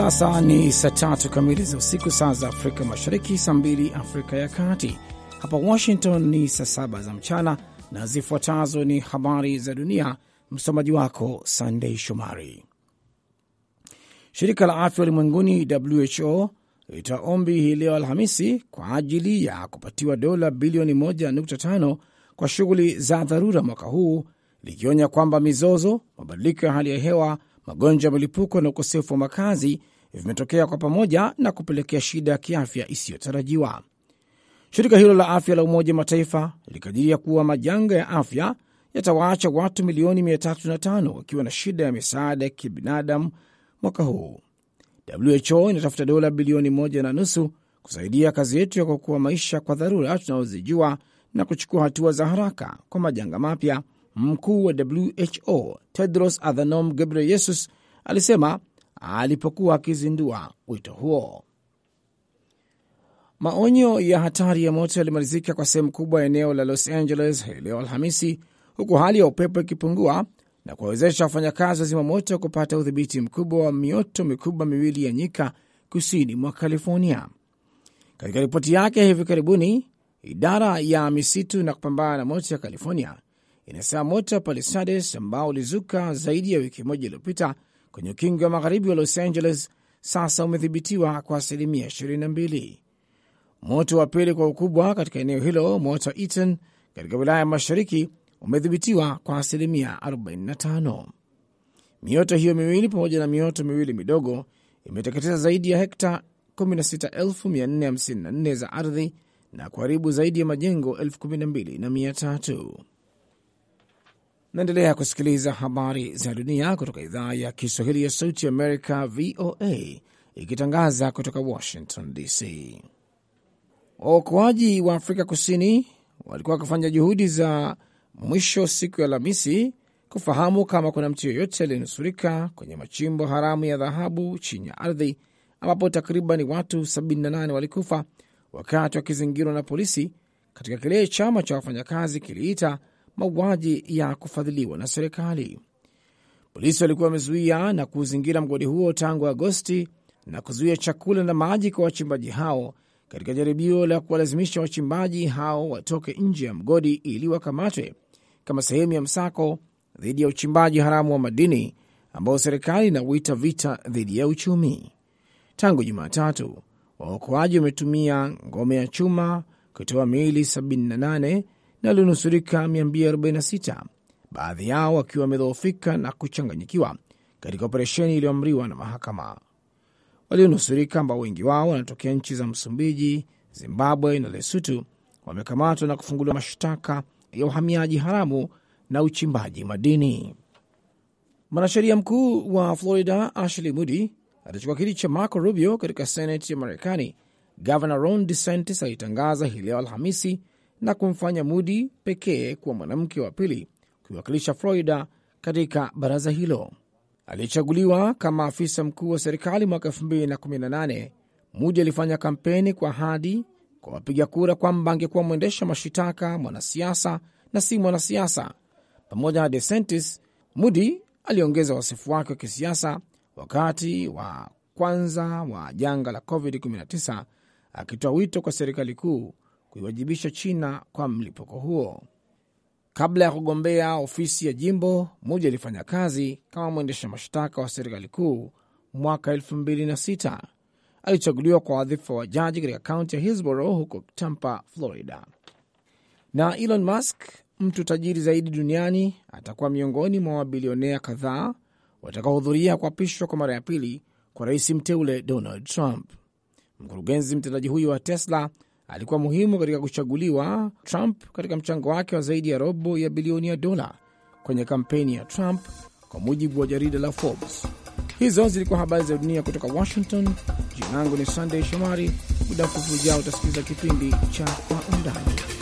sasa ni saa tatu kamili za usiku, saa za Afrika Mashariki, saa mbili Afrika ya Kati. Hapa Washington ni saa saba za mchana, na zifuatazo ni habari za dunia. Msomaji wako Sandei Shomari. Shirika la afya ulimwenguni WHO lilitoa ombi hii leo Alhamisi kwa ajili ya kupatiwa dola bilioni 1.5 kwa shughuli za dharura mwaka huu, likionya kwamba mizozo, mabadiliko ya hali ya hewa magonjwa ya milipuko na ukosefu wa makazi vimetokea kwa pamoja na kupelekea shida ya kiafya isiyotarajiwa. Shirika hilo la afya la Umoja Mataifa likadiria kuwa majanga ya afya yatawaacha watu milioni 305 wakiwa na shida ya misaada ya kibinadamu mwaka huu. WHO inatafuta dola bilioni moja na nusu kusaidia kazi yetu ya kuokoa maisha kwa dharura tunazozijua na kuchukua hatua za haraka kwa majanga mapya mkuu wa WHO Tedros Adhanom Ghebreyesus alisema alipokuwa akizindua wito huo. Maonyo ya hatari ya moto yalimalizika kwa sehemu kubwa ya eneo la Los Angeles leo Alhamisi, huku hali ya upepo ikipungua na kuwawezesha wafanyakazi wa zimamoto kupata udhibiti mkubwa wa mioto mikubwa miwili ya nyika kusini mwa California. Katika ripoti yake hivi karibuni, idara ya misitu na kupambana na moto ya California inasema moto wa Palisades ambao ulizuka zaidi ya wiki moja iliyopita kwenye ukingi wa magharibi wa Los Angeles sasa umedhibitiwa kwa asilimia 22. Moto wa pili kwa ukubwa katika eneo hilo, moto wa Eaton katika wilaya ya mashariki, umedhibitiwa kwa asilimia 45. Mioto hiyo miwili pamoja na mioto miwili midogo imeteketeza zaidi ya hekta 16454 za ardhi na kuharibu zaidi ya majengo 12300. Naendelea kusikiliza habari za dunia kutoka idhaa ya Kiswahili ya Sauti Amerika, VOA, ikitangaza kutoka Washington DC. Waokoaji wa Afrika Kusini walikuwa wakifanya juhudi za mwisho siku ya Alhamisi kufahamu kama kuna mtu yoyote aliyenusurika kwenye machimbo haramu ya dhahabu chini ya ardhi ambapo takriban watu 78 walikufa wakati wakizingirwa na polisi katika kile chama cha wafanyakazi kiliita mauaji ya kufadhiliwa na serikali. Polisi walikuwa wamezuia na kuuzingira mgodi huo tangu Agosti na kuzuia chakula na maji kwa wachimbaji hao katika jaribio la kuwalazimisha wachimbaji hao watoke nje ya mgodi ili wakamatwe kama sehemu ya msako dhidi ya uchimbaji haramu wa madini ambao serikali inauita vita dhidi ya uchumi. Tangu Jumatatu, waokoaji wametumia ngome ya chuma kutoa miili 78 na walionusurika 246, baadhi yao wakiwa wamedhoofika na kuchanganyikiwa katika operesheni iliyoamriwa na mahakama. Walionusurika ambao wengi wao wanatokea nchi za Msumbiji, Zimbabwe na Lesutu wamekamatwa na kufunguliwa mashtaka ya uhamiaji haramu na uchimbaji madini. Mwanasheria mkuu wa Florida Ashley Moody atachukua kiti cha Marco Rubio katika seneti ya Marekani. Gavana Ron DeSantis alitangaza hii leo Alhamisi na kumfanya Mudi pekee kuwa mwanamke wa pili kuiwakilisha Florida katika baraza hilo. Aliyechaguliwa kama afisa mkuu wa serikali mwaka 2018, Mudi alifanya kampeni kwa ahadi kwa wapiga kura kwamba angekuwa mwendesha mashitaka mwanasiasa na si mwanasiasa. Pamoja na DeSantis, Mudi aliongeza wasifu wake wa kisiasa wakati wa kwanza wa janga la COVID-19, akitoa wito kwa serikali kuu kuiwajibisha China kwa mlipuko huo. Kabla ya kugombea ofisi ya jimbo moja, alifanya kazi kama mwendesha mashtaka wa serikali kuu mwaka 2006. Alichaguliwa kwa wadhifa wa jaji katika kaunti ya Hillsborough huko Tampa, Florida. Na Elon Musk, mtu tajiri zaidi duniani, atakuwa miongoni mwa wabilionea kadhaa watakaohudhuria kuapishwa kwa mara ya pili kwa rais mteule Donald Trump. Mkurugenzi mtendaji huyo wa Tesla alikuwa muhimu katika kuchaguliwa Trump katika mchango wake wa zaidi ya robo ya bilioni ya dola kwenye kampeni ya Trump, kwa mujibu wa jarida la Forbes. Hizo zilikuwa habari za dunia kutoka Washington. Jina langu ni sandey Shomari. Muda mfupi ujao utasikiliza kipindi cha Kwa Undani.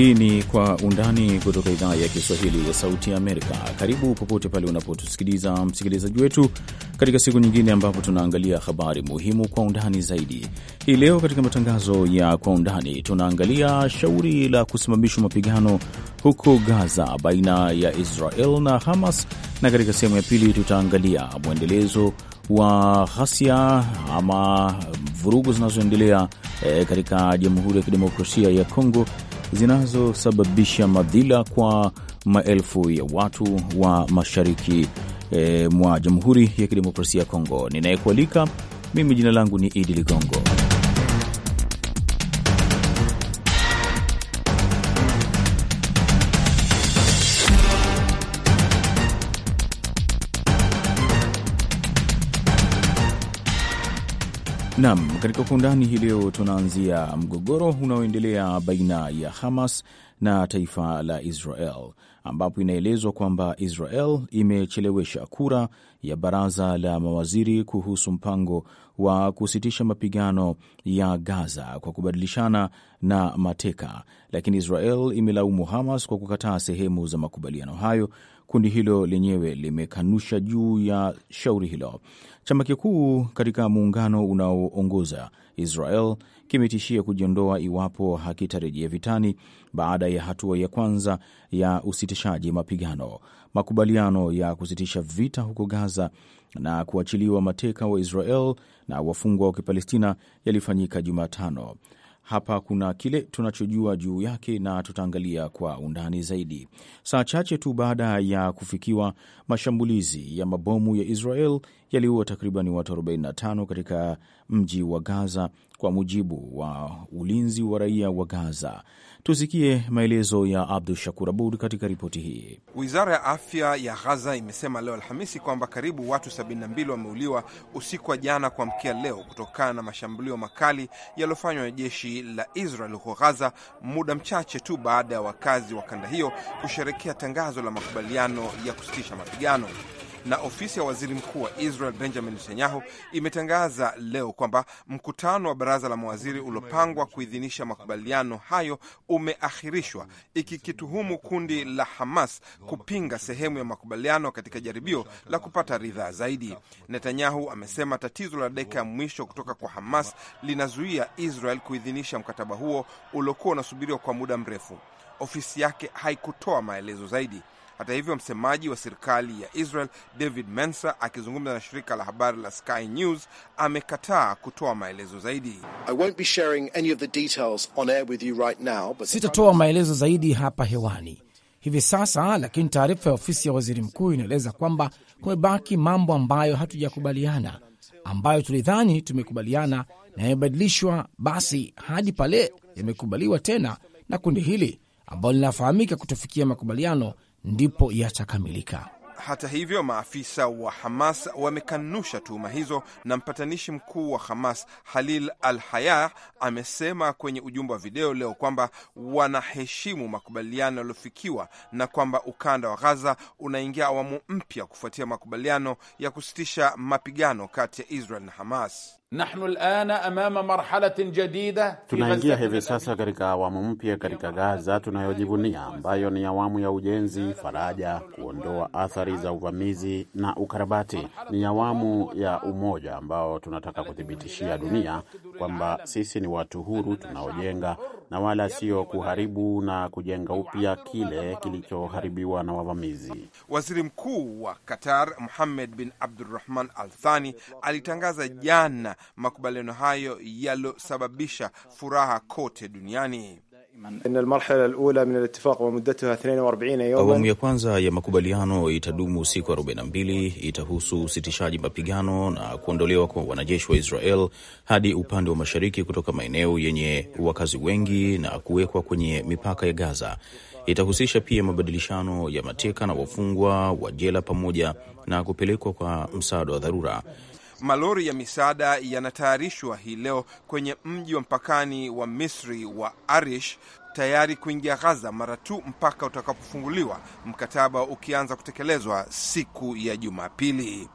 Hii ni Kwa Undani kutoka idhaa ya Kiswahili ya Sauti ya Amerika. Karibu popote pale unapotusikiliza, msikilizaji wetu, katika siku nyingine ambapo tunaangalia habari muhimu kwa undani zaidi. Hii leo katika matangazo ya Kwa Undani tunaangalia shauri la kusimamishwa mapigano huko Gaza baina ya Israel na Hamas, na katika sehemu ya pili tutaangalia mwendelezo wa ghasia ama vurugu zinazoendelea e, katika Jamhuri ya Kidemokrasia ya Kongo zinazosababisha madhila kwa maelfu ya watu wa mashariki e, mwa Jamhuri ya Kidemokrasia ya Kongo. Ninayekualika mimi jina langu ni Idi Ligongo. Nam, katika kwa undani hii leo tunaanzia mgogoro unaoendelea baina ya Hamas na taifa la Israel ambapo inaelezwa kwamba Israel imechelewesha kura ya baraza la mawaziri kuhusu mpango wa kusitisha mapigano ya Gaza kwa kubadilishana na mateka, lakini Israel imelaumu Hamas kwa kukataa sehemu za makubaliano hayo Kundi hilo lenyewe limekanusha juu ya shauri hilo. Chama kikuu katika muungano unaoongoza Israel kimetishia kujiondoa iwapo hakitarejea vitani baada ya hatua ya kwanza ya usitishaji mapigano. Makubaliano ya kusitisha vita huko Gaza na kuachiliwa mateka wa Israel na wafungwa wa Kipalestina yalifanyika Jumatano. Hapa kuna kile tunachojua juu yake na tutaangalia kwa undani zaidi. Saa chache tu baada ya kufikiwa, mashambulizi ya mabomu ya Israel yaliua takriban watu 45 katika mji wa Gaza kwa mujibu wa ulinzi wa raia wa Gaza. Tusikie maelezo ya Abdu Shakur Abud katika ripoti hii. Wizara ya afya ya Ghaza imesema leo Alhamisi kwamba karibu watu 72 wameuliwa usiku wa jana kuamkia leo kutokana na mashambulio makali yaliyofanywa na jeshi la Israel huko Ghaza, muda mchache tu baada ya wakazi wa kanda hiyo kusherekea tangazo la makubaliano ya kusitisha mapigano na ofisi ya waziri mkuu wa Israel Benjamin Netanyahu imetangaza leo kwamba mkutano wa baraza la mawaziri uliopangwa kuidhinisha makubaliano hayo umeahirishwa, ikikituhumu kundi la Hamas kupinga sehemu ya makubaliano katika jaribio la kupata ridhaa zaidi. Netanyahu amesema tatizo la dakika ya mwisho kutoka kwa Hamas linazuia Israel kuidhinisha mkataba huo uliokuwa unasubiriwa kwa muda mrefu. Ofisi yake haikutoa maelezo zaidi. Hata hivyo, msemaji wa serikali ya Israel David Mensa akizungumza na shirika la habari la Sky News amekataa kutoa maelezo zaidi. Right sitatoa maelezo zaidi hapa hewani hivi sasa, lakini taarifa ya ofisi ya waziri mkuu inaeleza kwamba kumebaki mambo ambayo hatujakubaliana, ambayo tulidhani tumekubaliana na yamebadilishwa, basi hadi pale yamekubaliwa tena na kundi hili ambalo linafahamika kutofikia makubaliano ndipo yatakamilika. Hata hivyo, maafisa wa Hamas wamekanusha tuhuma hizo, na mpatanishi mkuu wa Hamas Halil al-Haya amesema kwenye ujumbe wa video leo kwamba wanaheshimu makubaliano yaliyofikiwa na kwamba ukanda wa ghaza unaingia awamu mpya kufuatia makubaliano ya kusitisha mapigano kati ya Israel na Hamas. Nahnu alana amama marhalatin jadida, tunaingia hivi sasa katika awamu mpya katika Gaza tunayojivunia ambayo ni awamu ya ujenzi, faraja, kuondoa athari za uvamizi na ukarabati. Ni awamu ya umoja ambao tunataka kuthibitishia dunia kwamba sisi ni watu huru tunaojenga na wala sio kuharibu na kujenga upya kile kilichoharibiwa na wavamizi. Waziri Mkuu wa Qatar muhammed bin abdurahman Al Thani alitangaza jana makubaliano hayo yaliyosababisha furaha kote duniani. Awamu ya kwanza ya makubaliano itadumu siku 42, itahusu usitishaji mapigano na kuondolewa kwa wanajeshi wa Israel hadi upande wa mashariki kutoka maeneo yenye wakazi wengi na kuwekwa kwenye mipaka ya Gaza. Itahusisha pia mabadilishano ya mateka na wafungwa wa jela pamoja na kupelekwa kwa msaada wa dharura. Malori ya misaada yanatayarishwa hii leo kwenye mji wa mpakani wa Misri wa Arish tayari kuingia ghaza mara tu mpaka utakapofunguliwa, mkataba ukianza kutekelezwa siku ya Jumapili.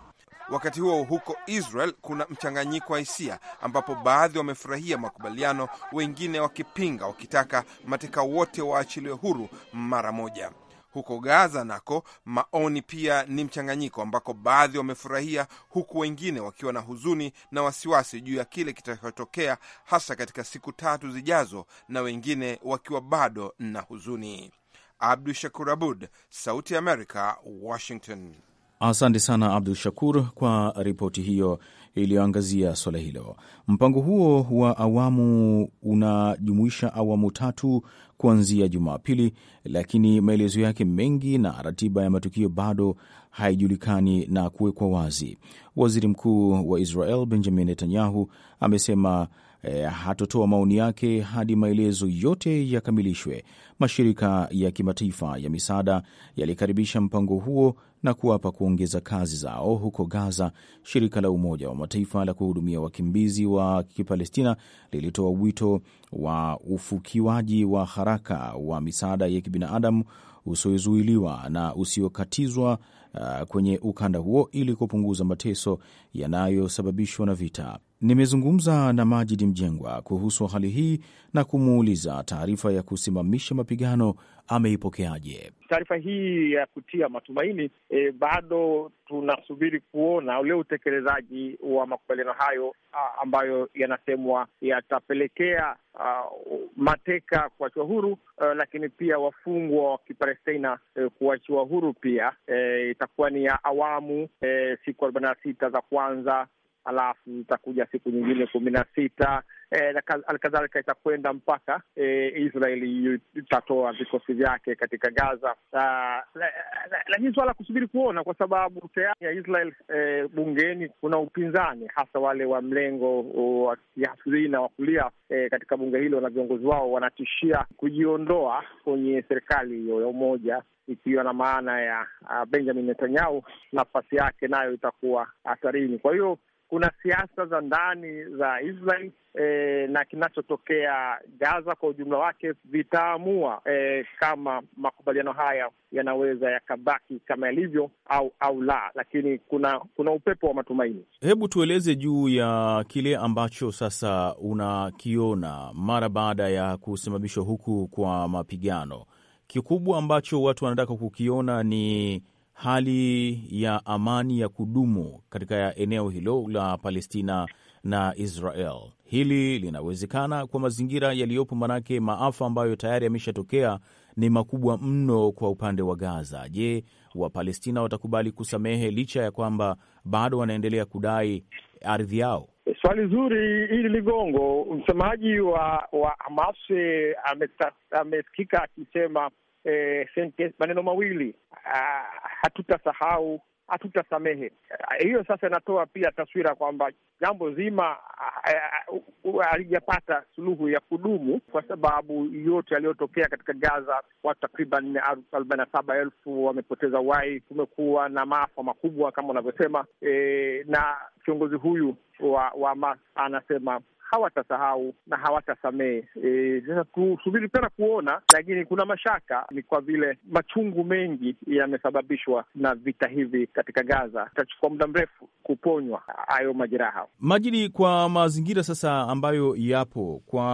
Wakati huo huko Israel kuna mchanganyiko wa hisia, ambapo baadhi wamefurahia makubaliano, wengine wakipinga, wakitaka mateka wote waachiliwe huru mara moja. Huko Gaza nako maoni pia ni mchanganyiko, ambako baadhi wamefurahia huku wengine wakiwa na huzuni na wasiwasi juu ya kile kitakachotokea hasa katika siku tatu zijazo, na wengine wakiwa bado na huzuni. Abdu Shakur Abud, Sauti ya Amerika, Washington. Asante sana Abdu Shakur kwa ripoti hiyo iliyoangazia swala hilo. Mpango huo wa awamu unajumuisha awamu tatu kuanzia Jumapili, lakini maelezo yake mengi na ratiba ya matukio bado haijulikani na kuwekwa wazi. Waziri Mkuu wa Israel Benjamin Netanyahu amesema eh, hatotoa maoni yake hadi maelezo yote yakamilishwe, mashirika ya kimataifa ya misaada yalikaribisha mpango huo na kuwapa kuongeza kazi zao huko Gaza. Shirika la Umoja wa Mataifa la kuhudumia wakimbizi wa Kipalestina lilitoa wito wa ufukiwaji wa haraka wa misaada ya kibinadamu usiozuiliwa na usiokatizwa uh, kwenye ukanda huo ili kupunguza mateso yanayosababishwa na vita. Nimezungumza na Majid Mjengwa kuhusu hali hii na kumuuliza taarifa ya kusimamisha mapigano ameipokeaje. Taarifa hii ya kutia matumaini e, bado tunasubiri kuona ule utekelezaji wa makubaliano hayo a, ambayo yanasemwa yatapelekea mateka kuachiwa huru a, lakini pia wafungwa wa Kipalestina e, kuachiwa huru pia e, itakuwa ni ya awamu e, siku arobaini na sita za kwanza alafu itakuja siku nyingine kumi na sita eh, na halikadhalika itakwenda mpaka e, eh, Israeli itatoa vikosi vyake katika Gaza. Ah, lakini suala kusubiri kuona, kwa sababu tayari ya Israel e, bungeni kuna upinzani, hasa wale wa mlengo wa kiafiri na wa kulia e, katika bunge hilo, na viongozi wao wanatishia kujiondoa kwenye serikali hiyo ya umoja ikiwa na maana ya ah, Benjamin Netanyahu, nafasi yake nayo itakuwa hatarini. Kwa hiyo kuna siasa za ndani za Israel e, na kinachotokea Gaza kwa ujumla wake vitaamua e, kama makubaliano haya yanaweza yakabaki kama yalivyo au au la, lakini kuna kuna upepo wa matumaini. Hebu tueleze juu ya kile ambacho sasa unakiona mara baada ya kusimamishwa huku kwa mapigano. Kikubwa ambacho watu wanataka kukiona ni hali ya amani ya kudumu katika eneo hilo la Palestina na Israel. Hili linawezekana kwa mazingira yaliyopo, manake maafa ambayo tayari yameshatokea ni makubwa mno kwa upande wa Gaza. Je, Wapalestina watakubali kusamehe licha ya kwamba bado wanaendelea kudai ardhi yao? Swali zuri hili Ligongo. Msemaji wa, wa Hamas amesikika akisema eh, maneno mawili ah, hatutasahau hatutasamehe. Hiyo sasa inatoa pia taswira kwamba jambo zima alijapata suluhu ya kudumu, kwa sababu yote yaliyotokea katika Gaza, watu takriban arobaini na saba elfu wamepoteza uhai. Kumekuwa na maafa makubwa kama unavyosema, e, na kiongozi huyu wa Hamas anasema hawatasahau na hawatasamehe. E, sasa tusubiri tena kuona, lakini kuna mashaka ni kwa vile machungu mengi yamesababishwa na vita hivi katika Gaza, itachukua muda mrefu kuponywa hayo majeraha Majili, kwa mazingira sasa ambayo yapo kwa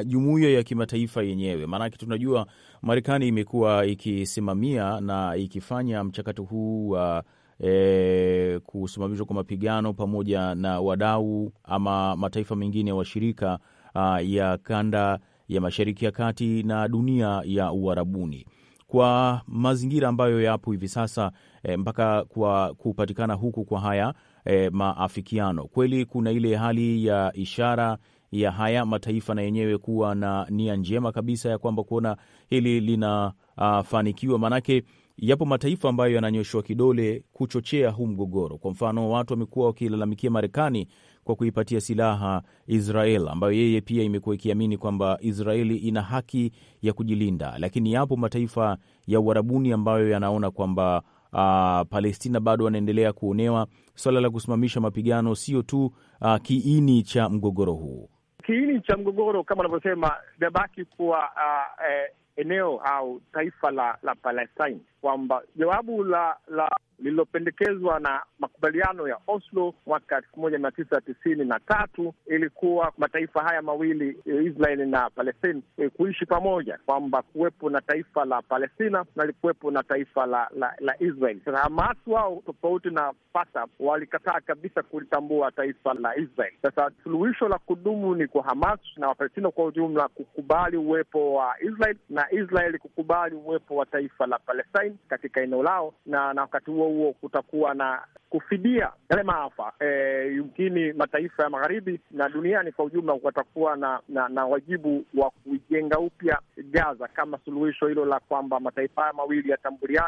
uh, jumuiya ya kimataifa yenyewe, maanake tunajua Marekani imekuwa ikisimamia na ikifanya mchakato huu wa uh, e, kusimamishwa kwa mapigano pamoja na wadau ama mataifa mengine washirika ya kanda ya Mashariki ya Kati na dunia ya Uarabuni kwa mazingira ambayo yapo hivi sasa e, mpaka kwa kupatikana huku kwa haya e, maafikiano, kweli kuna ile hali ya ishara ya haya mataifa na yenyewe kuwa na nia njema kabisa ya kwamba kuona hili linafanikiwa, maanake yapo mataifa ambayo yananyoshwa kidole kuchochea huu mgogoro. Kwa mfano, watu wamekuwa wakilalamikia Marekani kwa kuipatia silaha Israel, ambayo yeye pia imekuwa ikiamini kwamba Israeli ina haki ya kujilinda, lakini yapo mataifa ya uharabuni ambayo yanaona kwamba Uh, Palestina bado wanaendelea kuonewa. Swala la kusimamisha mapigano sio tu uh, kiini cha mgogoro huu. Kiini cha mgogoro kama unavyosema inabaki kuwa uh, eh, eneo au taifa la, la Palestine kwamba jawabu la la lililopendekezwa na makubaliano ya Oslo mwaka elfu moja mia tisa tisini na tatu ilikuwa mataifa haya mawili e, Israeli na Palestina e, kuishi pamoja, kwamba kuwepo na taifa la Palestina na likuwepo na taifa la la, la Israeli. Sasa Hamas wao tofauti na Fatah walikataa kabisa kulitambua taifa la Israeli. Sasa suluhisho la kudumu ni kwa Hamas na Wapalestina kwa ujumla kukubali uwepo wa Israeli na Israeli kukubali uwepo wa taifa la Palestina katika eneo lao, na na wakati huo huo kutakuwa na kufidia yale maafa e, yumkini mataifa ya magharibi na duniani kwa ujumla watakuwa na, na na wajibu wa kujenga upya Gaza kama suluhisho hilo la kwamba mataifa haya mawili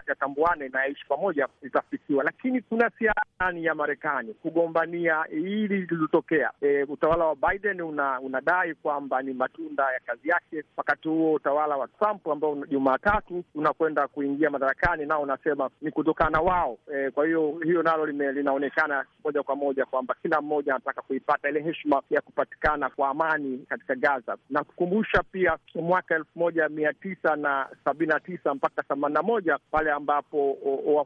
yatambuane na yaishi pamoja litafikiwa. Lakini kuna siasa ndani ya Marekani kugombania hili lililotokea. E, utawala wa Biden una, unadai kwamba ni matunda ya kazi yake. Wakati huo utawala wa Trump ambao Jumatatu unakwenda kuingia madarakani nao unasema ni kutokana wao. E, kwa hiyo hiyo nalo linaonekana moja kwa moja kwamba kila mmoja anataka kuipata ile heshima ya kupatikana kwa amani katika Gaza, na kukumbusha pia mwaka elfu moja mia tisa na sabini na tisa mpaka themanini na moja pale ambapo o,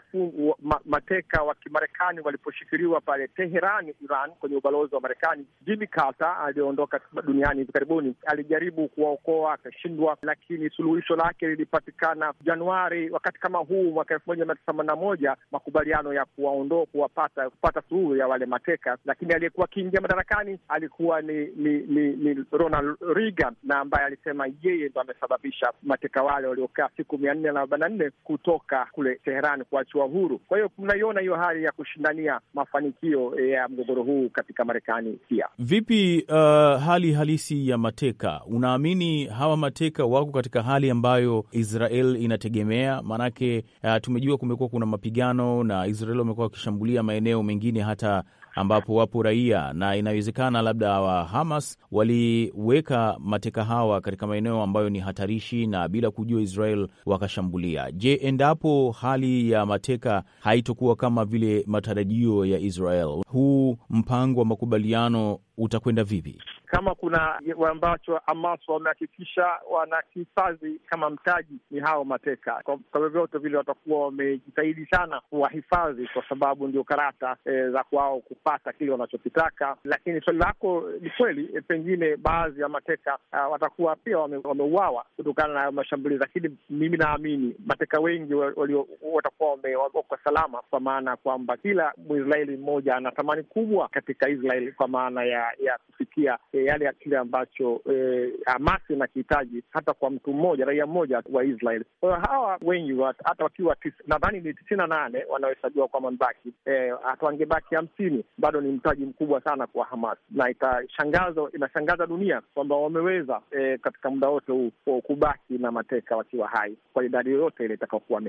ma, mateka wa Kimarekani waliposhikiliwa pale Teherani, Iran, kwenye ubalozi wa Marekani. Jimmy Carter aliyeondoka duniani hivi karibuni alijaribu kuwaokoa akashindwa, lakini suluhisho lake lilipatikana Januari wakati kama huu mwaka elfu moja mia tisa themanini na moja makubaliano ya kuwaondoa kuwapata kupata suluhu ya wale mateka, lakini aliyekuwa akiingia madarakani alikuwa ni ni, ni, ni Ronald Reagan na ambaye alisema yeye ndo amesababisha mateka wale waliokaa siku mia nne na arobaini na nne kutoka kule teheran kuachiwa huru. Kwa hiyo mnaiona hiyo hali ya kushindania mafanikio ya mgogoro huu katika Marekani pia. Vipi uh, hali halisi ya mateka, unaamini hawa mateka wako katika hali ambayo Israel inategemea? Maanake uh, tumejua kumekuwa kuna mapigano na Israel wamekuwa wakishambulia kushambulia maeneo mengine hata ambapo wapo raia, na inawezekana labda wa Hamas waliweka mateka hawa katika maeneo ambayo ni hatarishi na bila kujua Israel wakashambulia. Je, endapo hali ya mateka haitokuwa kama vile matarajio ya Israel, huu mpango wa makubaliano utakwenda vipi? Kama kuna ambacho Hamas wamehakikisha wanakihifadhi kama mtaji ni hao mateka, kwa vyovyote vile watakuwa wamejitahidi sana kuwahifadhi, kwa sababu ndio karata e, za kwao kupata kile wanachokitaka. Lakini swali lako ni kweli, e, pengine baadhi ya mateka a, e, watakuwa pia wameuawa wame kutokana na mashambulizi, lakini mimi naamini mateka wengi watakuwa wameokwa salama, kwa maana ya kwamba kila Mwisraeli mmoja ana thamani kubwa katika Israeli kwa maana ya ya kufikia kufikia eh, yale ya kile ambacho eh, Hamas inakihitaji hata kwa mtu mmoja, raia mmoja wa Israel. Kwa hiyo hawa wengi hata wakiwa nadhani ni tisini na nane wanaohesabiwa kwa mabaki eh, hata wangebaki hamsini, bado ni mtaji mkubwa sana kwa Hamas, na itashangaza inashangaza dunia kwamba wameweza e, katika muda wote huu kubaki na mateka wakiwa hai kwa idadi yoyote ile itakaokuwa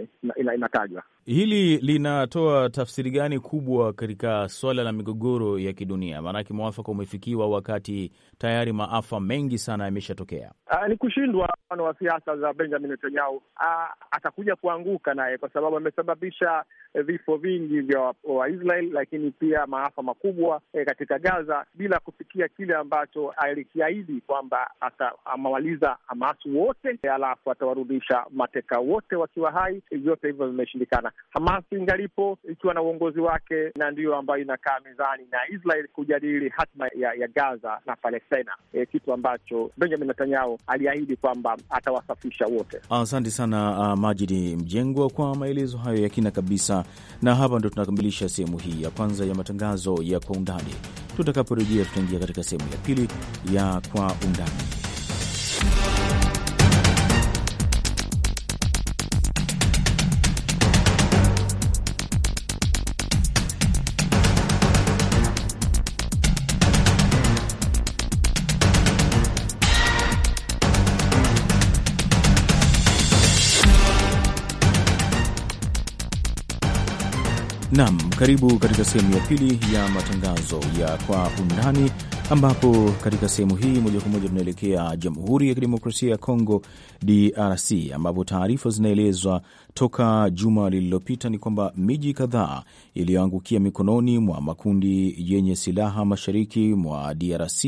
inatajwa. Hili linatoa tafsiri gani kubwa katika swala la migogoro ya kidunia? Maanake mwafaka ume umefikiwa wakati tayari maafa mengi sana yameshatokea? Ah, ni kushindwa mfano wa siasa za Benjamin Netanyahu. Ah, atakuja kuanguka naye kwa sababu amesababisha eh, vifo vingi vya Waisrael, lakini pia maafa makubwa e, katika Gaza bila kufikia kile ambacho alikiahidi kwamba atamaliza Hamas wote e, alafu atawarudisha mateka wote wakiwa hai. Vyote hivyo vimeshindikana. Hamas ingalipo ikiwa na uongozi wake, na ndiyo ambayo inakaa mezani na Israel kujadili hatima ya, ya Gaza na Palestina, e, kitu ambacho Benjamin Netanyahu aliahidi kwamba atawasafisha wote. Asante sana uh, Majidi Mjengwa kwa maelezo hayo ya kina kabisa, na hapa ndo tunakamilisha sehemu hii ya kwanza ya matangazo ya kwa undani. Tutakaporejea tutaingia katika sehemu ya pili ya kwa undani. Naam, karibu katika sehemu ya pili ya matangazo ya kwa undani, ambapo katika sehemu hii moja kwa moja tunaelekea Jamhuri ya Kidemokrasia ya Kongo DRC, ambapo taarifa zinaelezwa toka juma lililopita ni kwamba miji kadhaa iliyoangukia mikononi mwa makundi yenye silaha mashariki mwa DRC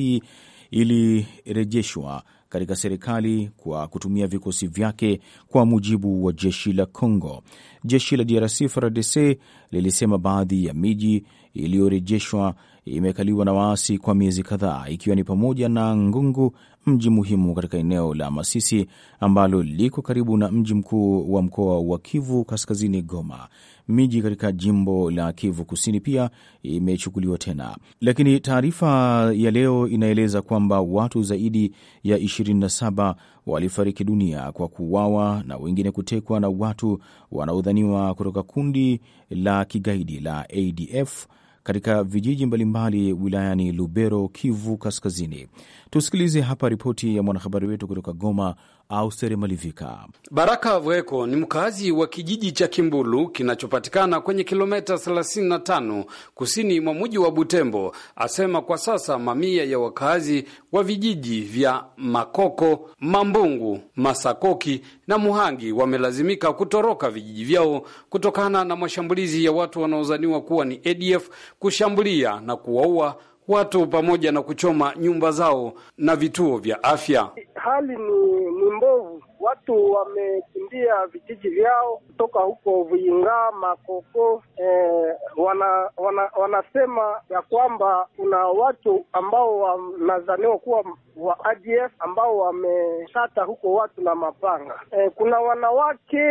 ilirejeshwa katika serikali kwa kutumia vikosi vyake, kwa mujibu wa jeshi la Congo. Jeshi la DRC FARDC lilisema baadhi ya miji iliyorejeshwa imekaliwa na waasi kwa miezi kadhaa, ikiwa ni pamoja na Ngungu, mji muhimu katika eneo la Masisi ambalo liko karibu na mji mkuu wa mkoa wa Kivu Kaskazini, Goma. Miji katika jimbo la Kivu Kusini pia imechukuliwa tena, lakini taarifa ya leo inaeleza kwamba watu zaidi ya 27 walifariki dunia kwa kuuawa na wengine kutekwa na watu wanaodhaniwa kutoka kundi la kigaidi la ADF katika vijiji mbalimbali wilayani Lubero, Kivu Kaskazini. Tusikilize hapa ripoti ya mwanahabari wetu kutoka Goma, Austere Malivika. Baraka Vweko ni mkazi wa kijiji cha Kimbulu kinachopatikana kwenye kilometa 35 kusini mwa mji wa Butembo, asema kwa sasa mamia ya wakazi wa vijiji vya Makoko, Mambungu, Masakoki na Muhangi wamelazimika kutoroka vijiji vyao kutokana na mashambulizi ya watu wanaozaniwa kuwa ni ADF kushambulia na kuwaua watu pamoja na kuchoma nyumba zao na vituo vya afya. Hali ni, ni mbovu watu wamekimbia vijiji vyao kutoka huko Vuinga Makoko. Eh, wana, wana, wanasema ya kwamba kuna watu ambao wanadhaniwa kuwa wa ADF ambao wamekata huko watu na mapanga. Eh, kuna wanawake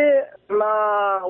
na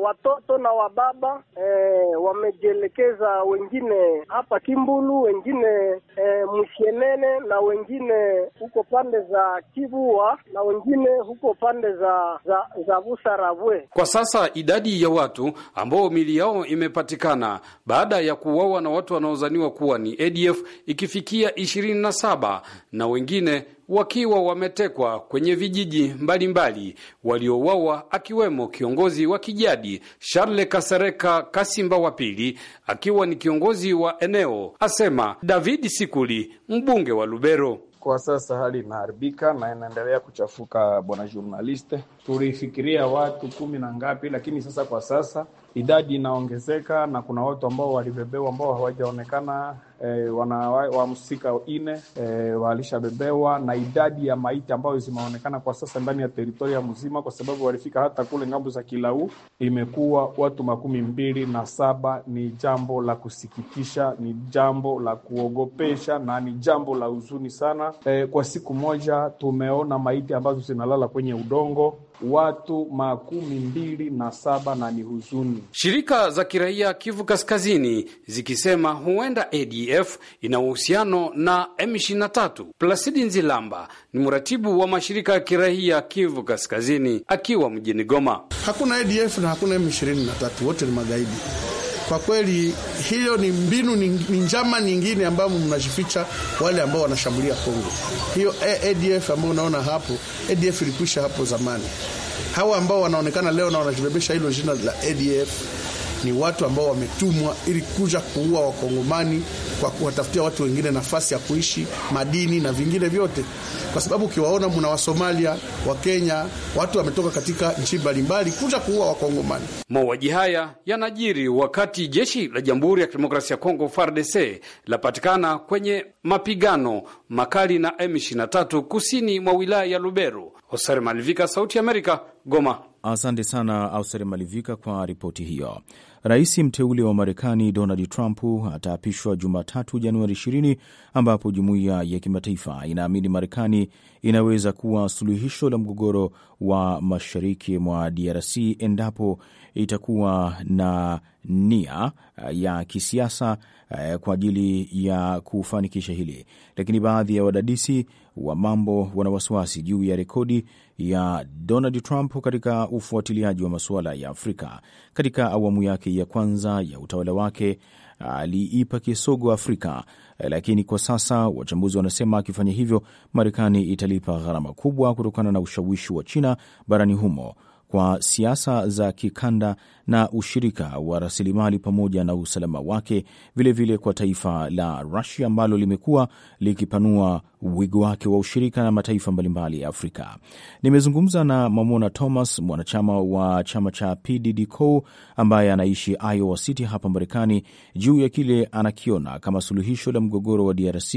watoto na wababa eh, wamejielekeza wengine hapa Kimbulu, wengine eh, Mshenene na wengine huko pande za Kivua na wengine huko pande pande za za, za Busarabwe. Kwa sasa idadi ya watu ambao mili yao imepatikana baada ya kuuawa na watu wanaozaniwa kuwa ni ADF ikifikia ishirini na saba na wengine wakiwa wametekwa kwenye vijiji mbalimbali, waliouawa akiwemo kiongozi wa kijadi Charles Kasereka Kasimba wa pili, akiwa ni kiongozi wa eneo, asema David Sikuli, mbunge wa Lubero. Kwa sasa hali inaharibika na inaendelea kuchafuka, bwana journaliste. Tulifikiria watu kumi na ngapi, lakini sasa kwa sasa idadi inaongezeka na kuna watu ambao walibebewa ambao hawajaonekana. E, wana wahusika ine e, eh, walishabebewa na idadi ya maiti ambayo zimeonekana kwa sasa ndani ya teritoria mzima, kwa sababu walifika hata kule ngambo za Kilau, imekuwa watu makumi mbili na saba. Ni jambo la kusikitisha, ni jambo la kuogopesha na ni jambo la huzuni sana. E, kwa siku moja tumeona maiti ambazo zinalala kwenye udongo watu makumi mbili na saba na ni huzuni. Shirika za kiraia Kivu Kaskazini zikisema huenda ADF ina uhusiano na M23. Plasidi Nzilamba ni mratibu wa mashirika ya kiraia Kivu Kaskazini akiwa mjini Goma. Hakuna ADF na hakuna M23, wote ni magaidi. Kwa kweli hiyo ni mbinu, ni njama nyingine ambayo mnajificha wale ambao wanashambulia Kongo. Hiyo ADF ambayo unaona hapo, ADF ilikwisha hapo zamani. Hawa ambao wanaonekana leo na wanajibebesha hilo jina la ADF ni watu ambao wametumwa ili kuja kuua Wakongomani kwa kuwatafutia watu wengine nafasi ya kuishi, madini na vingine vyote, kwa sababu ukiwaona muna Wasomalia, Wakenya, watu wametoka katika nchi mbalimbali kuja kuua Wakongomani. Mauaji haya yanajiri wakati jeshi la Jamhuri ya Kidemokrasia ya Kongo FARDC lapatikana kwenye mapigano makali na M23 kusini mwa wilaya ya Lubero. Hoser Malivika, Sauti ya Amerika, Goma. Asante sana auseri Malivika kwa ripoti hiyo. Rais mteule wa Marekani Donald Trump ataapishwa Jumatatu, Januari 20 ambapo jumuiya ya kimataifa inaamini Marekani inaweza kuwa suluhisho la mgogoro wa mashariki mwa DRC endapo itakuwa na nia eh, ya kisiasa eh, kwa ajili ya kufanikisha hili, lakini baadhi ya wadadisi wa mambo wana wasiwasi juu ya rekodi ya Donald Trump katika ufuatiliaji wa masuala ya Afrika. Katika awamu yake ya kwanza ya utawala wake aliipa kisogo Afrika, lakini kwa sasa wachambuzi wanasema akifanya hivyo, Marekani italipa gharama kubwa kutokana na ushawishi wa China barani humo kwa siasa za kikanda na ushirika wa rasilimali pamoja na usalama wake, vilevile vile kwa taifa la Rusia ambalo limekuwa likipanua wigo wake wa ushirika na mataifa mbalimbali ya Afrika. Nimezungumza na Mamona Thomas, mwanachama wa chama cha PDDCO ambaye anaishi Iowa City hapa Marekani, juu ya kile anakiona kama suluhisho la mgogoro wa DRC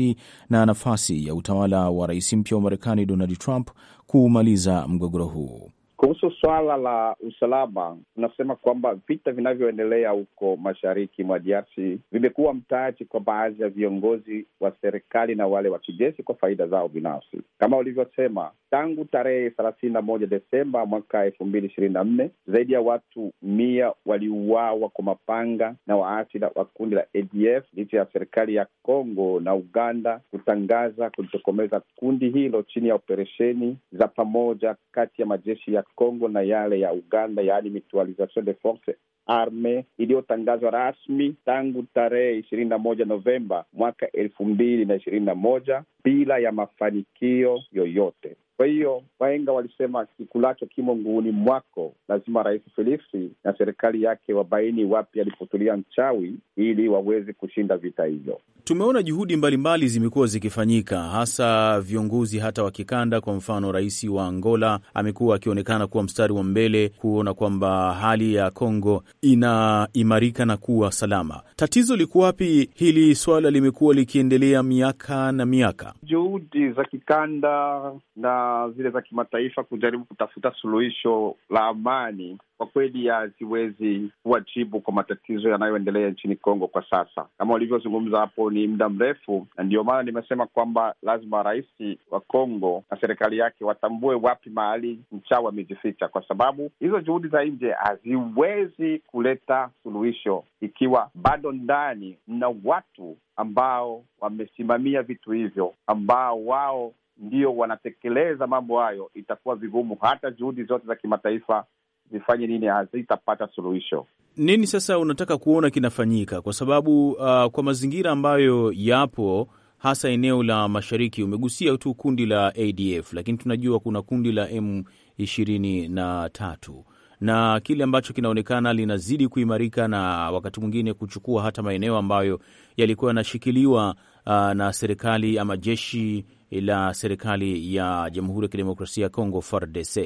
na nafasi ya utawala wa rais mpya wa Marekani Donald Trump kuumaliza mgogoro huu. Kuhusu swala la usalama, tunasema kwamba vita vinavyoendelea huko mashariki mwa DRC vimekuwa mtaji kwa baadhi ya viongozi wa serikali na wale wa kijeshi kwa faida zao binafsi. Kama ulivyosema, tangu tarehe thelathini na moja Desemba mwaka elfu mbili ishirini na nne zaidi ya watu mia waliuawa kwa mapanga na waasi wa kundi la ADF licha ya serikali ya congo na Uganda kutangaza kulitokomeza kundi hilo chini ya operesheni za pamoja kati ya majeshi ya Kongo na yale ya Uganda, yaani mutualisation de force arme iliyotangazwa rasmi tangu tarehe ishirini na moja Novemba mwaka elfu mbili na ishirini na moja bila ya mafanikio yoyote. Kwa hiyo wahenga walisema siku lake kimo nguuni mwako. Lazima Rais Felisi na serikali yake wabaini wapi alipotulia mchawi ili waweze kushinda vita hivyo. Tumeona juhudi mbalimbali zimekuwa zikifanyika, hasa viongozi hata wa kikanda. Kwa mfano, rais wa Angola amekuwa akionekana kuwa mstari wa mbele kuona kwamba hali ya Kongo inaimarika na kuwa salama. Tatizo liko wapi? Hili swala limekuwa likiendelea miaka na miaka, juhudi za kikanda na zile za kimataifa kujaribu kutafuta suluhisho la amani kwa kweli haziwezi kuwa jibu kwa matatizo yanayoendelea nchini Kongo kwa sasa. Kama ulivyozungumza hapo, ni muda mrefu, na ndio maana nimesema kwamba lazima rais wa Kongo na serikali yake watambue wapi mahali mchawa amejificha, kwa sababu hizo juhudi za nje haziwezi kuleta suluhisho ikiwa bado ndani mna watu ambao wamesimamia vitu hivyo, ambao wao ndio wanatekeleza mambo hayo. Itakuwa vigumu hata juhudi zote za kimataifa zifanye nini, hazitapata suluhisho. Nini sasa unataka kuona kinafanyika? Kwa sababu uh, kwa mazingira ambayo yapo hasa eneo la mashariki, umegusia tu kundi la ADF, lakini tunajua kuna kundi la M ishirini na tatu na kile ambacho kinaonekana linazidi kuimarika na wakati mwingine kuchukua hata maeneo ambayo yalikuwa yanashikiliwa uh, na serikali ama jeshi la serikali ya Jamhuri ya Kidemokrasia ya Kongo, FARDC.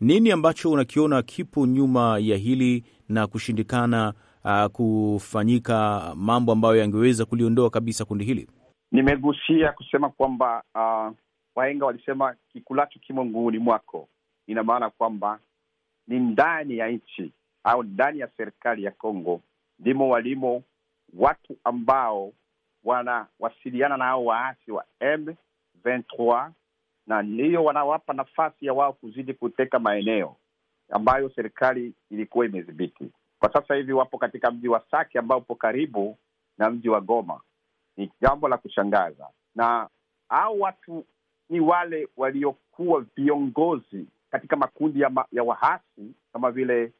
Nini ambacho unakiona kipo nyuma ya hili na kushindikana uh, kufanyika mambo ambayo yangeweza kuliondoa kabisa kundi hili? Nimegusia kusema kwamba uh, wahenga walisema kikulacho kimo nguuni mwako. Ina maana kwamba ni ndani ya nchi au ndani ya serikali ya Kongo ndimo walimo watu ambao wanawasiliana nao waasi wa M23 na ndiyo wanawapa nafasi ya wao kuzidi kuteka maeneo ambayo serikali ilikuwa imedhibiti. Kwa sasa hivi wapo katika mji wa Sake ambao upo karibu na mji wa Goma. Ni jambo la kushangaza, na au watu ni wale waliokuwa viongozi katika makundi ya, ma, ya wahasi kama vile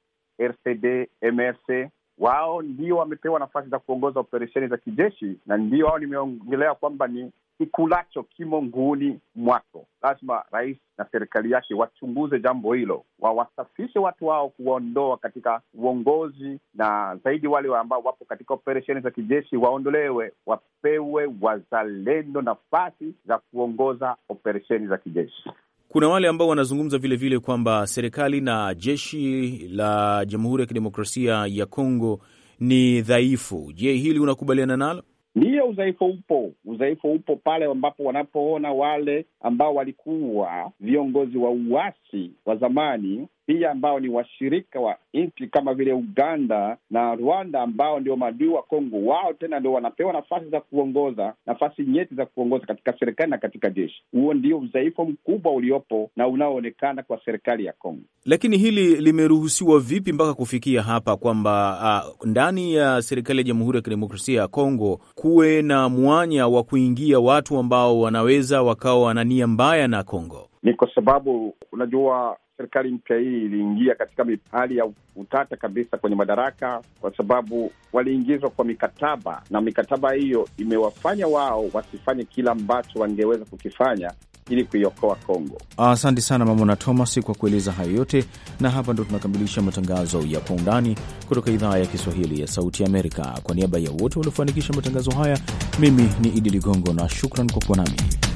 RCD MRC. Wao ndio wamepewa nafasi za kuongoza operesheni za kijeshi, na ndio hao nimeongelea kwamba ni kikulacho kimo nguni mwako. Lazima rais na serikali yake wachunguze jambo hilo, wawasafishe watu wao, kuwaondoa katika uongozi, na zaidi wale ambao wapo katika operesheni za kijeshi waondolewe, wapewe wazalendo nafasi za kuongoza operesheni za kijeshi. Kuna wale ambao wanazungumza vilevile kwamba serikali na jeshi la Jamhuri ya Kidemokrasia ya Kongo ni dhaifu. Je, hili unakubaliana nalo? Ndiyo, udhaifu upo. Udhaifu upo pale ambapo wanapoona wale ambao walikuwa viongozi wa uasi wa zamani pia ambao ni washirika wa nchi kama vile Uganda na Rwanda, ambao ndio maadui wa Kongo. Wao tena ndio wanapewa nafasi za kuongoza, nafasi nyeti za kuongoza katika serikali na katika jeshi. Huo ndio udhaifu mkubwa uliopo na unaoonekana kwa serikali ya Kongo. Lakini hili limeruhusiwa vipi mpaka kufikia hapa kwamba ah, ndani ya serikali ya Jamhuri ya Kidemokrasia ya Kongo kuwe na mwanya wa kuingia watu ambao wanaweza wakawa wana nia mbaya na Kongo? ni kwa sababu unajua serikali mpya hii iliingia katika hali ya utata kabisa kwenye madaraka, kwa sababu waliingizwa kwa mikataba, na mikataba hiyo imewafanya wao wasifanye kila ambacho wangeweza kukifanya ili kuiokoa Kongo. Asante sana na Thomas kwa kueleza hayo yote, na hapa ndo tunakamilisha matangazo ya Kwa Undani kutoka idhaa ya Kiswahili ya Sauti Amerika. Kwa niaba ya wote waliofanikisha matangazo haya, mimi ni Idi Ligongo na shukran kwa kuwa nami.